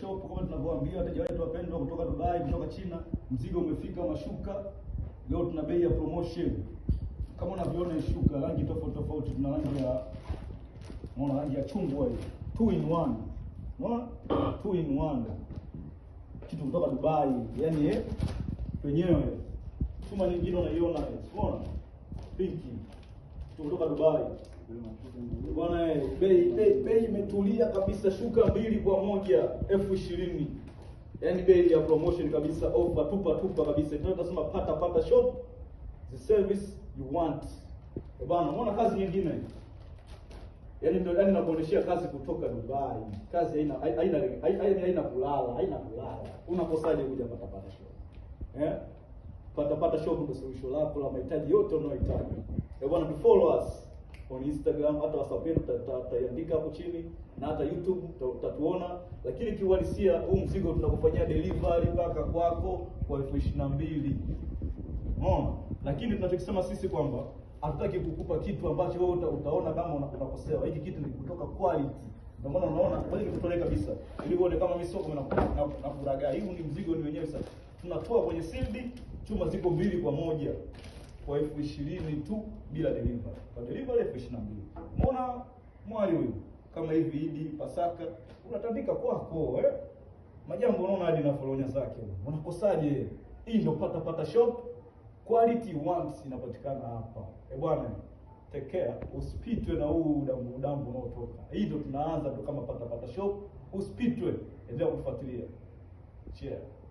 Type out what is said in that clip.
shop kama tunavyoambia wateja wetu wapendwa kutoka Dubai, kutoka China, mzigo umefika, mashuka leo tuna bei ya promotion. Kama unavyoona shuka rangi tofauti tofauti, tuna rangi ya unaona rangi ya chungwa hii, two in one, unaona two in one, kitu kutoka Dubai, yani eh wenyewe. Chuma nyingine unaiona, eh, unaona pinki, kutoka Dubai. Bwana, bei bei bei imetulia kabisa, shuka mbili kwa moja elfu ishirini yaani bei ya promotion kabisa, ofa tupa tupa kabisa, tunasema pata pata shop the service you want. E bwana, unaona kazi nyingine yaani ndio yaani nakuoneshea kazi kutoka Dubai, kazi haina haina haina haina kulala, haina kulala. Unakosaje kuja pata pata shop eh? Yeah? Pata pata shop ndio suluhisho lako la mahitaji yote unayohitaji. E bwana, follow us on Instagram, hata WhatsApp yetu tutaiandika hapo chini na hata YouTube utatuona, lakini kiuhalisia huu mzigo tunakufanyia delivery mpaka kwako kwa elfu ishirini na mbili. Unaona? Lakini tunachokisema sisi kwamba hatutaki kukupa kitu ambacho wewe uta, utaona kama unakosewa. Hiki kitu ni kutoka quality. Ndio maana unaona kwani nikutolee kabisa. Ili uone kama mimi soko nakuraga. Hii ni mzigo ni wenyewe sasa. Tunatoa kwenye sildi, chuma ziko mbili kwa moja kwa elfu ishirini tu bila delivery, kwa delivery elfu ishirini na mbili Umeona mwali huyu kama hivi Idi Pasaka unatandika kwako eh? Majambo unaona hadi na foronya zake. Unakosaje? Hii ndio pata pata shop quality wants inapatikana hapa. Eh bwana, tekea usipitwe na huu damu damu unaotoka. Hii ndio tunaanza ndio kama pata pata shop, usipitwe, endelea kufuatilia. Cheers.